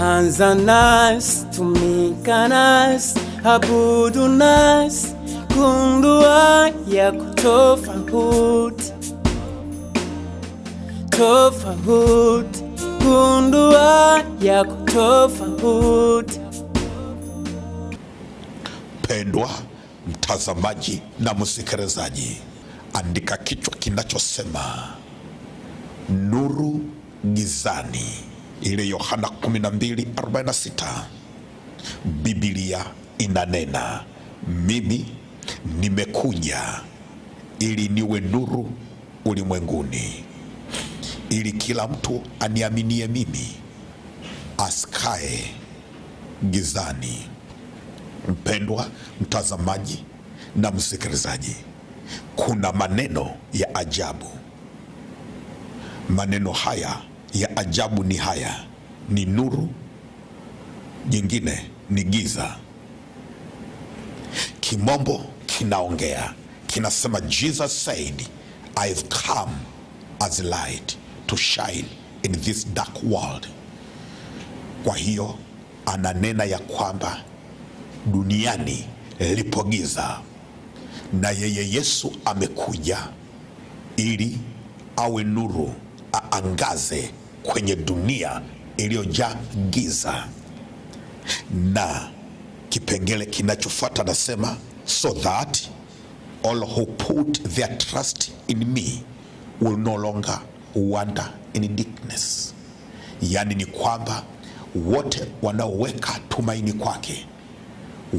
Anza nasi, tumika nasi, abudu nasi, gundua yako tofauti, tofauti, gundua yako tofauti. Pendwa mtazamaji na msikilizaji, andika kichwa kinachosema nuru gizani ile Yohana 12:46 Biblia inanena, mimi nimekuja ili niwe nuru ulimwenguni, ili kila mtu aniaminie mimi asikae gizani. Mpendwa mtazamaji na msikilizaji, kuna maneno ya ajabu. Maneno haya ya ajabu ni haya: ni nuru, jingine ni giza. Kimombo kinaongea kinasema, Jesus said I have come as light to shine in this dark world. Kwa hiyo ananena ya kwamba duniani lipo giza na yeye Yesu amekuja ili awe nuru aangaze kwenye dunia iliyojaa giza. Na kipengele kinachofuata nasema, so that all who put their trust in me will no longer wander in darkness, yaani ni kwamba wote wanaoweka tumaini kwake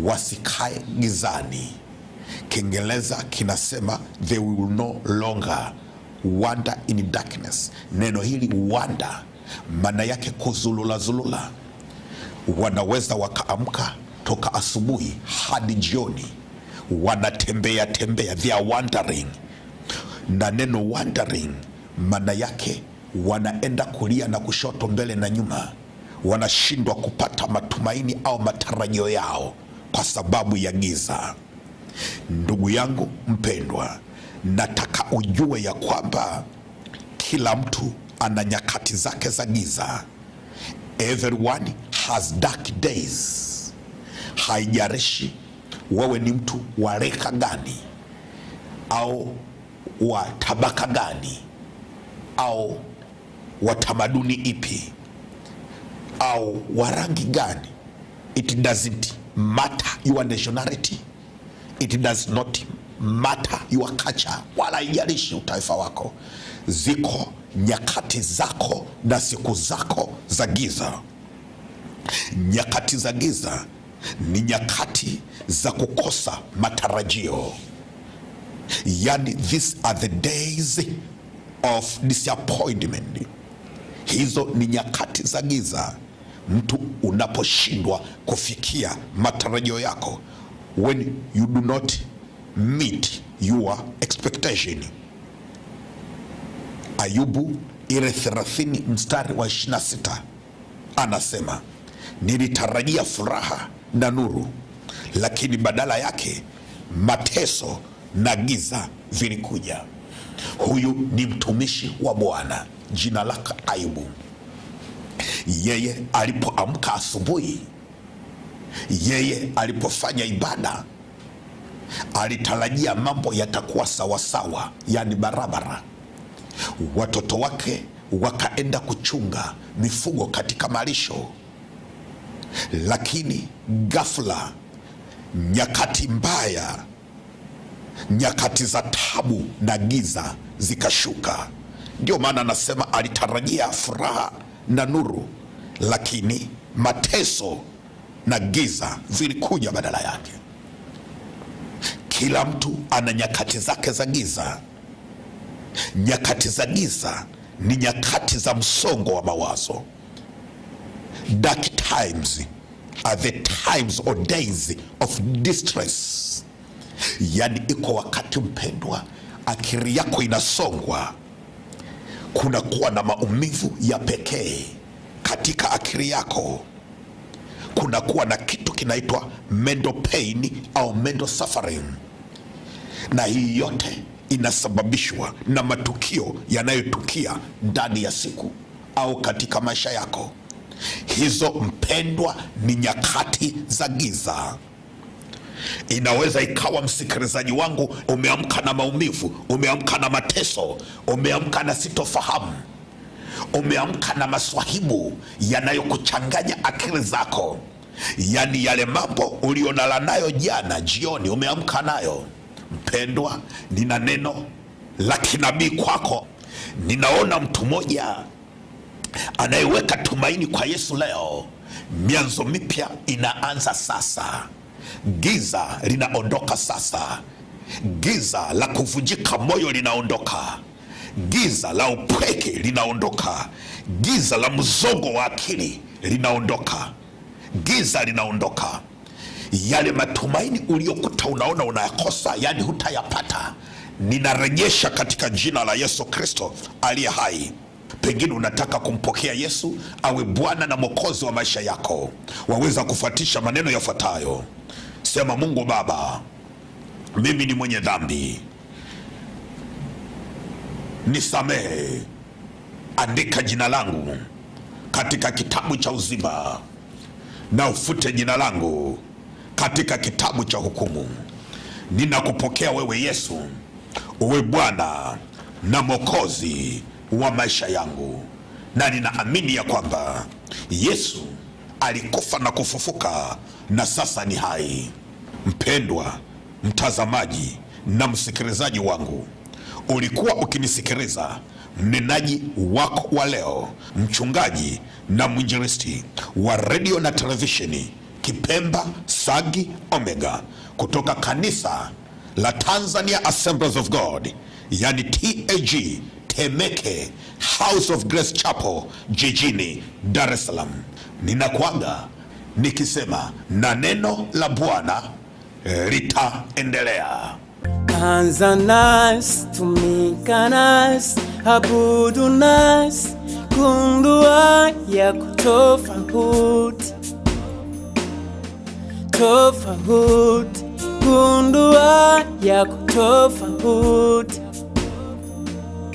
wasikae gizani. Kiingereza kinasema they will no longer wander in darkness. Neno hili wanda maana yake kuzulula zulula. Wanaweza wakaamka toka asubuhi hadi jioni, wanatembea tembea, they are wandering. Na neno wandering maana yake wanaenda kulia na kushoto, mbele na nyuma, wanashindwa kupata matumaini au matarajio yao kwa sababu ya giza. Ndugu yangu mpendwa nataka ujue ya kwamba kila mtu ana nyakati zake za giza. Everyone has dark days. Haijarishi wewe ni mtu wa reka gani au wa tabaka gani au wa tamaduni ipi au wa rangi gani. It doesn't matter your nationality. It does not matter your culture, wala ijalishi utaifa wako. Ziko nyakati zako na siku zako za giza. Nyakati za giza ni nyakati za kukosa matarajio, yani these are the days of disappointment. Hizo ni nyakati za giza, mtu unaposhindwa kufikia matarajio yako, when you do not meet your expectation. Ayubu ile 30 mstari wa 26 anasema, nilitarajia furaha na nuru, lakini badala yake mateso na giza vilikuja. Huyu ni mtumishi wa Bwana, jina lake Ayubu. Yeye alipoamka asubuhi, yeye alipofanya ibada alitarajia mambo yatakuwa sawasawa, yani barabara. Watoto wake wakaenda kuchunga mifugo katika malisho, lakini ghafla, nyakati mbaya, nyakati za tabu na giza zikashuka. Ndio maana anasema alitarajia furaha na nuru, lakini mateso na giza vilikuja badala yake. Kila mtu ana nyakati zake za giza. Nyakati za giza ni nyakati za msongo wa mawazo. Dark times are the times or days of distress. Yani, iko wakati mpendwa, akili yako inasongwa, kuna kuwa na maumivu ya pekee katika akili yako, kuna kuwa na kitu kinaitwa mental pain au mental suffering na hii yote inasababishwa na matukio yanayotukia ndani ya siku au katika maisha yako. Hizo mpendwa, ni nyakati za giza. Inaweza ikawa msikilizaji wangu, umeamka na maumivu, umeamka na mateso, umeamka na sitofahamu, umeamka na maswahibu yanayokuchanganya akili zako, yaani yale mambo uliyolala nayo jana jioni, umeamka nayo Mpendwa, nina neno la kinabii kwako. Ninaona mtu mmoja anayeweka tumaini kwa Yesu leo. Mianzo mipya inaanza sasa, giza linaondoka sasa, giza la kuvunjika moyo linaondoka, giza la upweke linaondoka, giza la mzongo wa akili linaondoka, giza linaondoka yale matumaini uliyokuta unaona unayakosa, yani hutayapata, ninarejesha katika jina la Yesu Kristo aliye hai. Pengine unataka kumpokea Yesu awe Bwana na Mwokozi wa maisha yako, waweza kufuatisha maneno yafuatayo: sema, Mungu Baba, mimi ni mwenye dhambi, nisamehe, andika jina langu katika kitabu cha uzima na ufute jina langu katika kitabu cha hukumu. Ninakupokea wewe Yesu uwe Bwana na Mwokozi wa maisha yangu, na ninaamini ya kwamba Yesu alikufa na kufufuka na sasa ni hai. Mpendwa mtazamaji na msikilizaji wangu, ulikuwa ukinisikiliza mnenaji wako wa leo, mchungaji na mwinjilisti wa redio na televisheni Kipemba Sagi Omega kutoka kanisa la Tanzania Assemblies of God, yani TAG Temeke House of Grace Chapel jijini Dar es Salaam. Ninakwaga nikisema na neno la Bwana eh, litaendelea. Anza nasi, tumika nasi, abudu kundua ya kutofauti tofauti, gundua yako tofauti